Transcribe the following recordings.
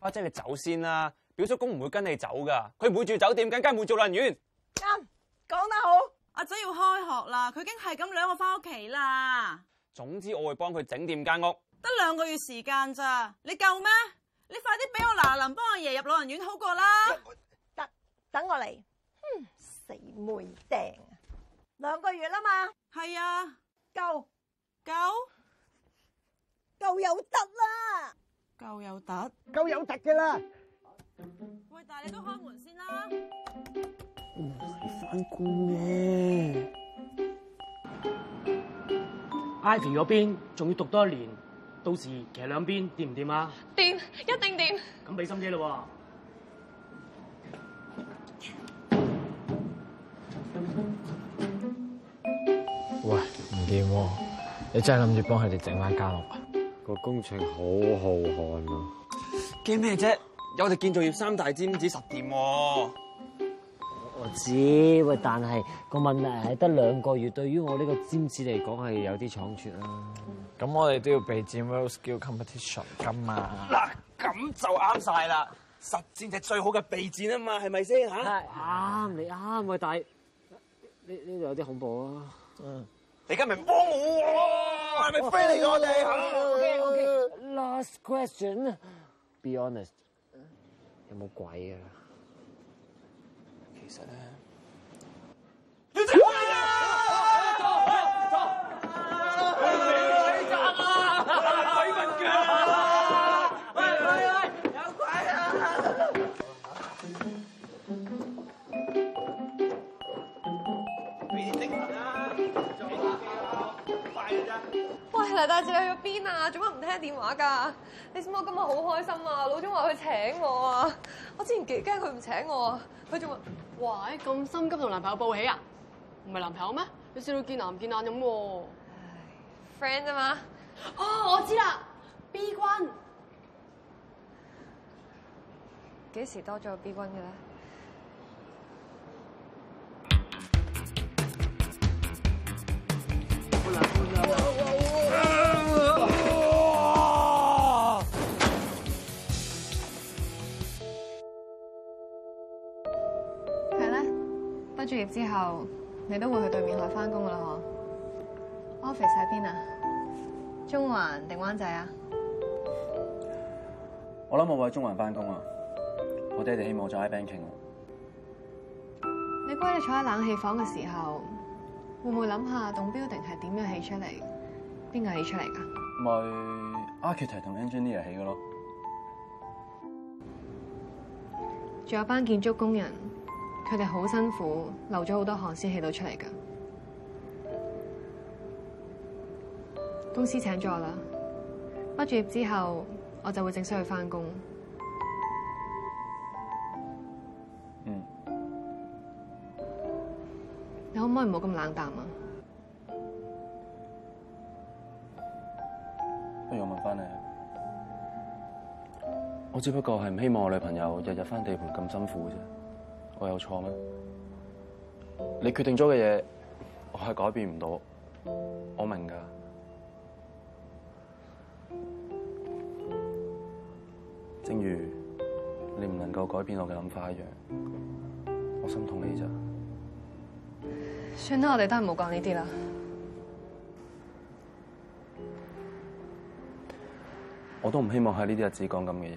阿仔，你走先啦！表叔公唔會跟你走噶，佢唔會住酒店，更加唔會做老人院。啱，講得好。阿仔要開學啦，佢已經係咁兩個翻屋企啦。總之我會幫佢整掂間屋。得兩個月時間咋？你夠咩？你快啲俾我嗱臨幫阿爺入老人院好過啦。得，等我嚟。哼，死妹丁，兩個月啊嘛。係啊，夠，夠，夠有得啦。夠有突，夠有突嘅啦！喂，但係你都開門先啦。唔使翻工咩？Ivy 嗰邊仲要讀多一年，到時騎兩邊掂唔掂啊？掂，一定掂。咁俾心機咯。Yeah. 喂，唔掂喎，你真係諗住幫佢哋整翻間屋啊？個工程好浩瀚啊！驚咩啫？有我哋建造業三大尖子實踐，我知道，但係個問題係得兩個月，對於我呢個尖子嚟講係有啲倉促啦。咁、嗯、我哋都要備戰 World Skills Competition，咁啊，嗱，咁就啱晒啦！實戰就最好嘅備戰啊嘛，係咪先吓？啱、啊，你啱啊，但呢呢度有啲恐怖啊。嗯。你今日幫我，係咪非禮我哋？Okay, okay. Last question. Be honest. 有冇鬼啊？其實咧，啊啊欸，有鬼啊！走走走！鬼打啊！鬼啊！有鬼啊！你點？大志去咗邊啊？做乜唔聽電話噶？你知唔知我今日好開心啊？老總話佢請我啊！我之前幾驚佢唔請我啊！佢仲話：「喂，咁心急同男朋友報喜啊？唔係男朋友咩？你笑到見男唔見眼咁喎。friend 啊嘛。哦，我知啦。B 君。幾時多咗個 B 君嘅咧？畢業之後，你都會去對面海翻工噶啦，嗬？Office 喺邊啊？中環定灣仔啊？我諗我會喺中環翻工啊。我爹哋希望做 I banking 啊。你估你坐喺冷氣房嘅時候，會唔會諗下棟 building 係點樣起出嚟？邊個起出嚟噶？咪 architect 同 engineer 起噶咯？仲有班建築工人。佢哋好辛苦，流咗好多汗先起到出嚟噶。公司請咗啦，畢住業之後我就會正式去翻工。嗯，你可唔可以唔好咁冷淡啊？不如我問翻你，我只不過係唔希望我女朋友日日翻地盤咁辛苦啫。我有錯咩？你決定咗嘅嘢，我係改變唔到，我明噶。正如你唔能夠改變我嘅諗法一樣，我心痛你咋？算啦，我哋都係唔好講呢啲啦。我都唔希望喺呢啲日子講咁嘅嘢。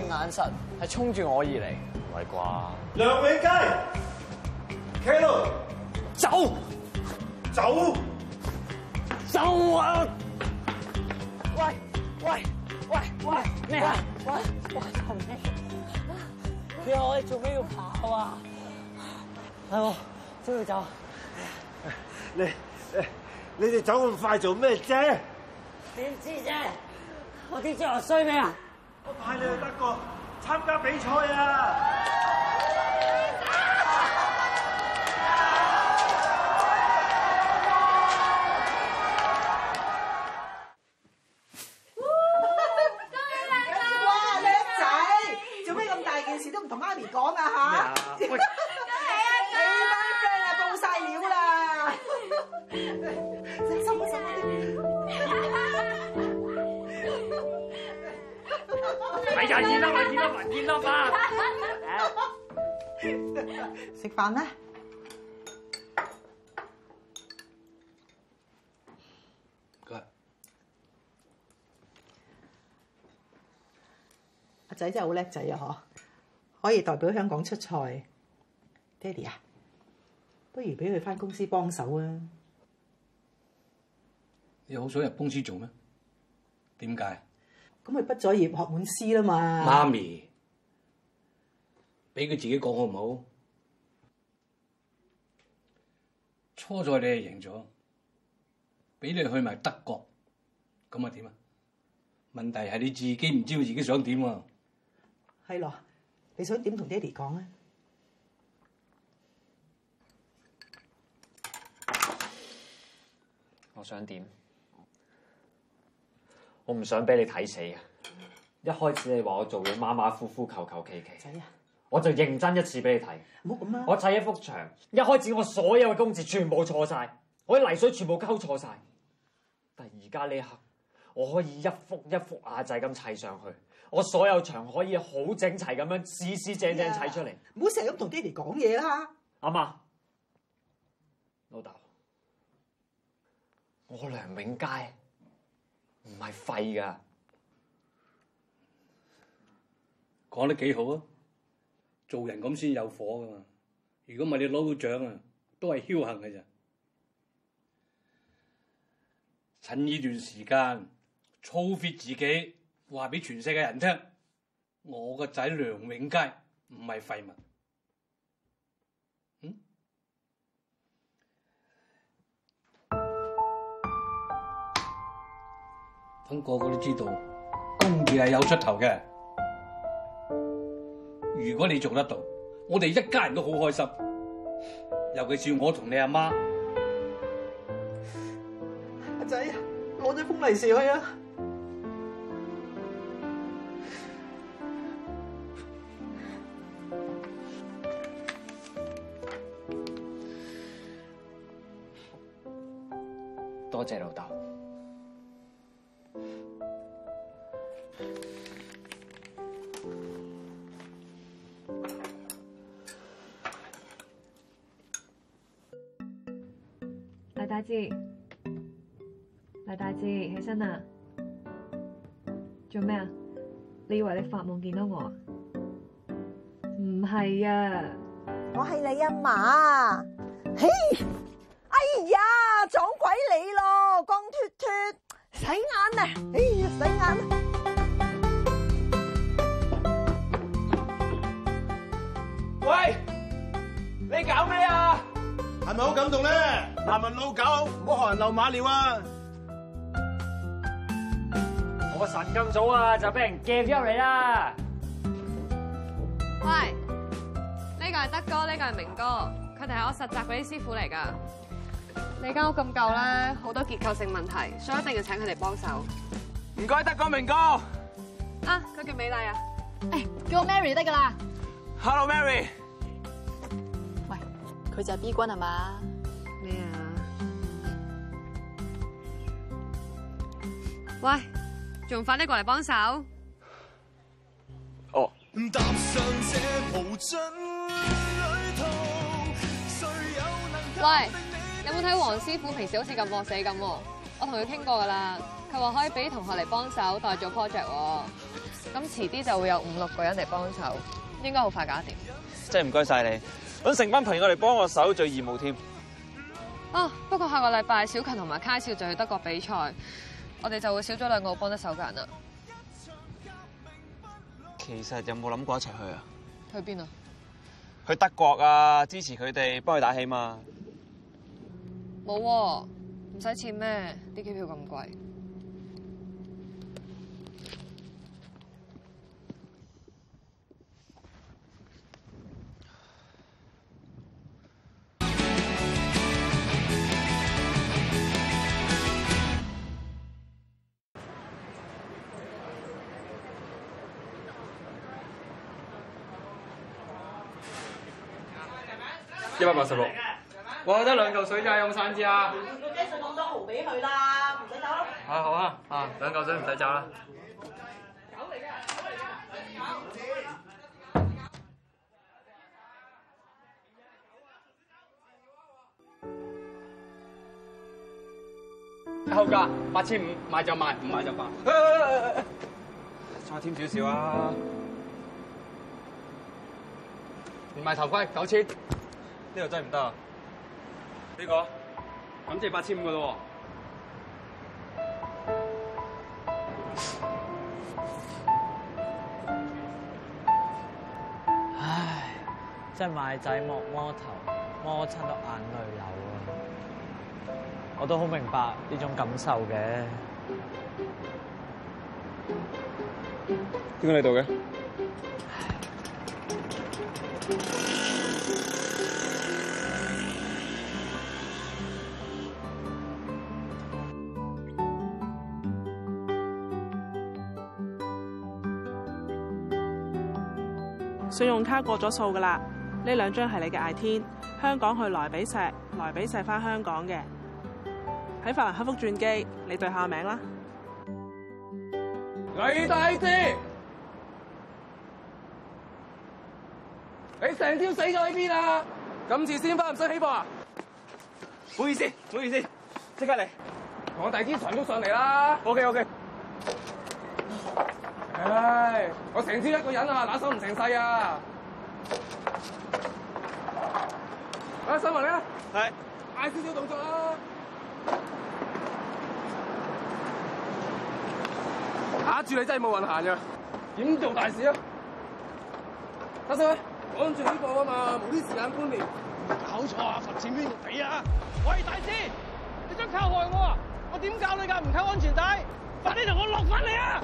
眼神係衝住我而嚟，唔係啩？梁美佳，企路、umm，走，走，走，走啊！喂喂喂喂咩？喂喂，好咩？你話喂我哋做咩要跑啊？係我都要走你。你你你哋走咁快做咩啫？點知啫？我點知我衰咩啊？我派你去德國參加比賽啊！哇，叻仔，做咩咁大件事都唔同媽咪講啊？飯啦，哥，阿仔謝謝 真係好叻仔啊！嗬，可以代表香港出賽，爹哋啊，不如俾佢返公司幫手啊！你好想入公司做咩？點解？咁佢畢咗業學滿師啦嘛，媽媽，媽咪，俾佢自己講好唔好？初賽你係贏咗，俾你去埋德國，咁啊點啊？問題係你自己唔知道自己想點啊？係咯，你想點同爹哋講咧？我想點？我唔想俾你睇死啊！一開始你話我做嘢馬馬虎虎、求求其其。我就認真一次俾你睇，唔好咁啦！我砌一幅牆，一開始我所有嘅工字全部錯晒，我啲泥水全部溝錯晒。但係而家呢刻，我可以一幅一幅亞仔咁砌上去，我所有牆可以好整齊咁樣，四四正正砌出嚟。唔好成日咁同爹哋講嘢啦，阿媽，老豆，我梁永佳唔係廢噶，講得幾好啊！做人咁先有火噶嘛。如果唔係你攞到獎啊，都係僥倖嘅啫。趁呢段時間，操 fit 自己，話俾全世界人聽，我個仔梁永佳唔係廢物。嗯，等個個都知道，工業係有出頭嘅。如果你做得到，我哋一家人都好開心，尤其是我同你阿媽。阿仔，攞咗封利是去啊！多謝老豆。大黎大志起身啦，做咩啊？你以為你發夢見到我不是啊？唔係啊，我係你阿嫲！啊！嘿，哎呀，撞鬼你咯，光脱脱，洗眼啊！哎，洗眼！喂，你搞咩啊？係咪好感動咧？難聞老狗，唔好學人漏馬尿啊！我神更早啊，就俾人夾咗嚟。啦！喂，呢個係德哥，呢個係明哥，佢哋係我實習嗰啲師傅嚟㗎。你間屋咁舊啦，好多結構性問題，所以一定要請佢嚟幫手。唔該德哥明哥。啊，佢叫美麗啊，誒，叫我 Mary 得㗎啦。Hello, Mary。喂，佢就係 B 君係嘛？是吧喂，仲快啲過嚟幫手。哦。唔搭上隻無盡旅途。誰有能？喂，有冇睇黃師傅平時好似咁惡死咁？我同佢傾過噶啦，佢話可以俾同學嚟幫手，代做 project。咁遲啲就會有五六個人嚟幫手，應該好快搞掂。即係唔該晒你，等成班朋友嚟幫我手最義務添。啊，oh, 不過下個禮拜小強同埋 Kai 少就去德國比賽。我哋就會少咗兩個幫得手嘅人啦。其實有冇諗過一齊去啊？去邊啊？去德國啊！支持佢哋，幫佢打氣嘛、啊。冇，唔使錢咩？啲機票咁貴。一百八十六，我覺得兩嚿水有，有冇三支啊個雞碎攞咗蠔俾佢啦，唔使走。啊好啊，啊兩嚿水唔使走啦，啊。九嚟嘅，九嚟嘅，狗。最後價八千五，賣就賣，唔賣就罷。再添少少啊！唔賣頭盔九千。9, 呢度真唔得，呢、呢個，咁即係八千五個咯。唉，真係賣仔摸摸頭，摸親到眼淚流啊！我都好明白呢種感受嘅。點解嚟到嘅？唉信用卡過咗數㗎喇。呢兩張係你嘅艾天，香港去萊比錫，萊比錫返香港嘅，喺法蘭克福轉機，你對下名啦。李大志，你成天死咗喺邊啊？今次先返，唔使起步啊？唔好意思，唔好意思，即刻嚟，同我大志上屋上嚟啦。OK OK。成只一個人啊，打手唔成世啊！阿新文咧，係嗌少少動作啊。打住你真係冇運行啊，點做大事啊？阿唔得？趕住呢個啊嘛，冇啲時間觀念，搞錯啊！罰錢邊？死啊！喂，大師，你想靠害我啊？我點教你㗎、啊？唔扣安全帶，快啲同我落翻嚟啊！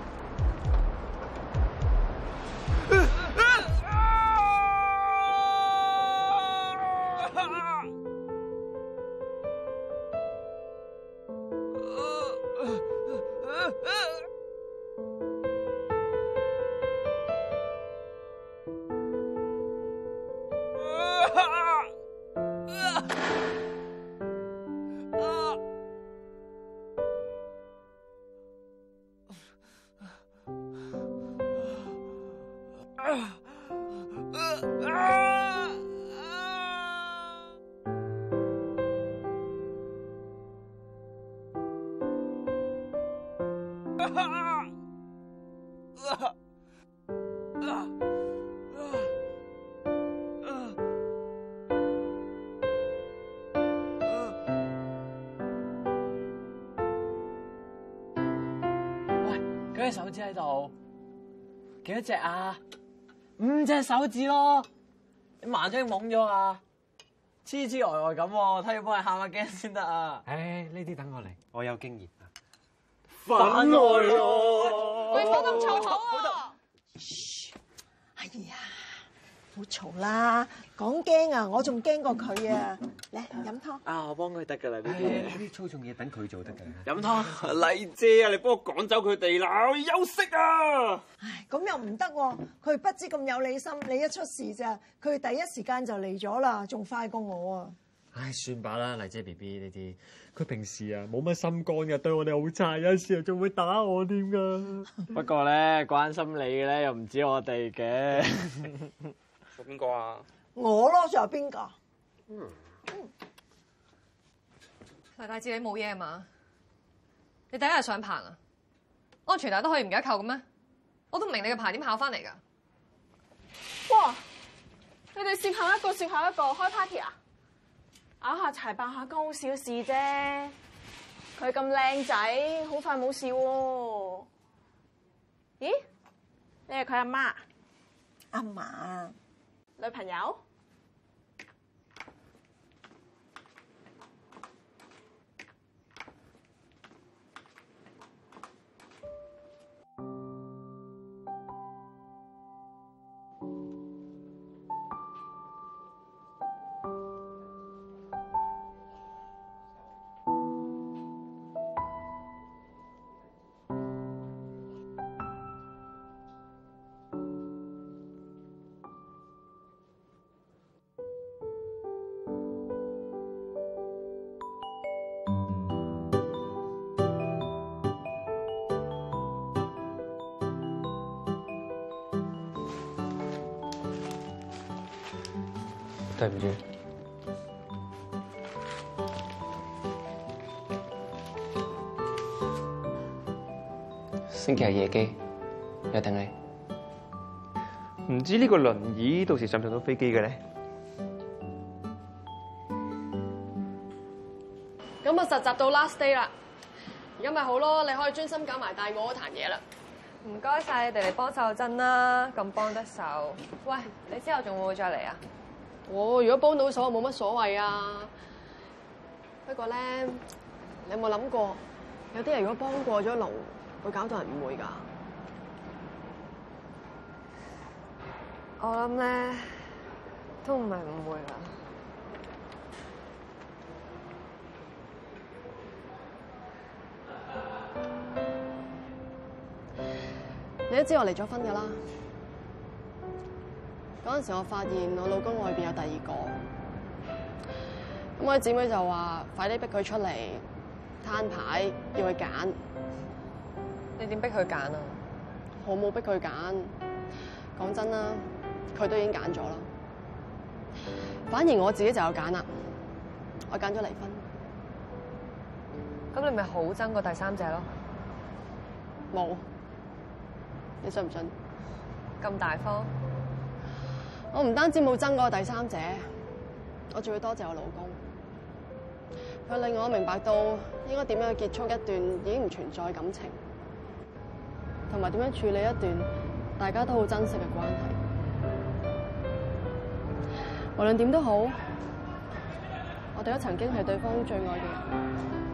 幾多手指喺度？幾多隻啊？五隻手指咯，你盲咗你懵咗啊？黐黐呆呆咁喎，睇要幫你喊下驚先得啊！唉、哎，呢啲等我嚟，我有經驗啊！反來咯，喂、啊，火咁臭狂啊！Shh，哎呀～好嘈啦，講驚啊！我仲驚過佢啊！嚟飲湯。啊，我幫佢得噶啦，呢啲粗重嘢等佢做得噶。飲湯，麗姐啊，你幫我趕走佢哋啦，我要休息啊！唉，咁又唔得，佢不知咁有理心，你一出事咋，佢第一時間就嚟咗啦，仲快過我啊！唉，算吧啦，麗姐 B B 呢啲，佢平時啊冇乜心肝嘅，對我哋好差，有陣時啊仲會打我添噶。不過咧，關心你咧又唔止我哋嘅。邊個啊？我咯就係邊個。劉、嗯、大志，你冇嘢嘛？你第一日上棚啊？安全帶都可以唔解扣嘅咩？我都唔明你嘅牌點考翻嚟噶。哇！你哋接下一個，接下,下一個，開 party 啊？咬下柴，扮下高小事啫。佢咁靚仔，好快冇事喎、啊。咦？你係佢阿媽？阿媽。女朋友。對唔住，星期日夜機又等你。唔知呢個輪椅到時能能上唔上到飛機嘅咧？咁我實習到 last day 啦，而家咪好咯，你可以專心搞埋大志嗰壇嘢啦。唔該晒，你哋嚟幫手真啦，咁幫得手。喂，你之後仲會唔會再嚟啊？我、哦、如果幫到手，我冇乜所謂啊。不過咧，你有冇諗過，有啲人如果幫過咗流，會搞到人誤會噶。我諗咧，都唔係誤會啦。 你都知我離咗婚噶啦。嗰陣時，我發現我老公外面有第二個，咁我啲姊妹就話：快啲逼佢出嚟攤牌，要去揀。你點逼佢揀啊？我冇逼佢揀。講真啦，佢都已經揀咗啦。反而我自己就有揀啦，我揀咗離婚。咁你咪好憎個第三者咯？冇，你信唔信？咁大方？我唔單止冇爭過第三者，我仲要多謝我老公，佢令我明白到應該點樣去結束一段已經唔存在的感情，同埋點樣處理一段大家都好珍惜嘅關係。無論點都好，我哋都曾經係對方最愛嘅人。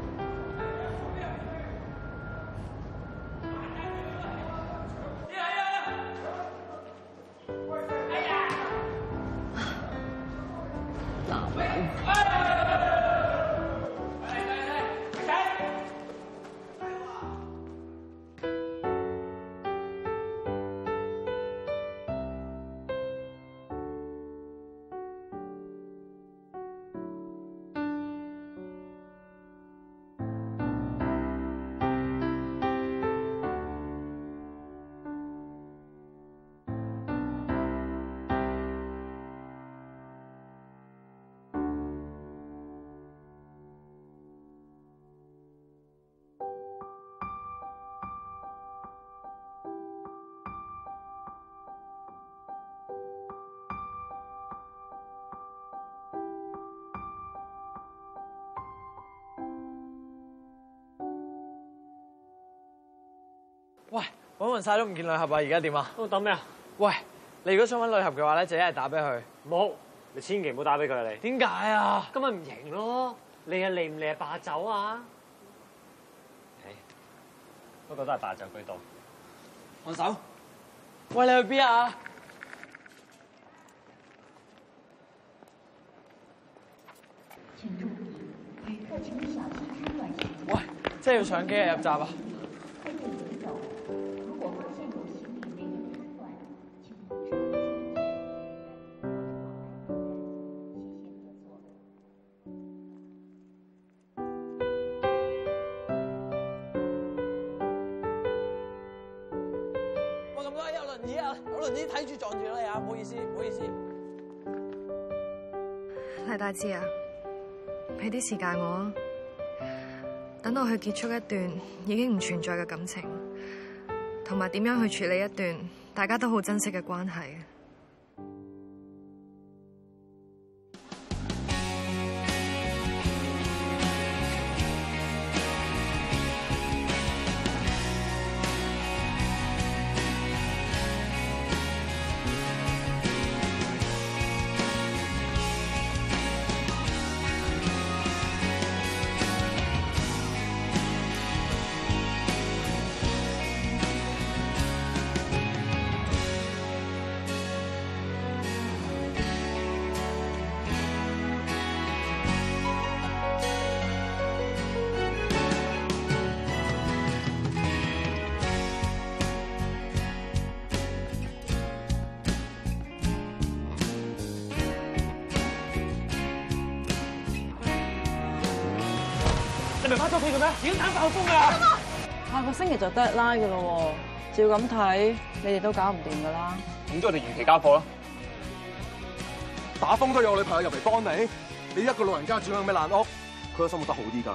搵勻晒都唔見女俠啊！而家點啊？都等咩啊？喂，你如果想揾女俠嘅話咧，就一係打俾佢。冇，你千祈唔好打俾佢啊！你點解啊？今日唔贏咯，你係嚟唔嚟啊？霸走啊？不過都係霸走居多。放手，喂，你去邊啊！喂，即係問要上機啊！入問閘啊！知啊，俾啲時間我，等我去結束一段已經唔存在嘅感情，同埋點樣去處理一段大家都好珍惜嘅關係。咩？點解打風嘅？下個星期就 deadline 嘅咯，照咁睇，你哋都搞唔掂噶啦。咁都我哋延期交貨啦。打風都有女朋友入嚟幫你，你一個老人家住響咩爛屋？佢嘅生活得好啲噶。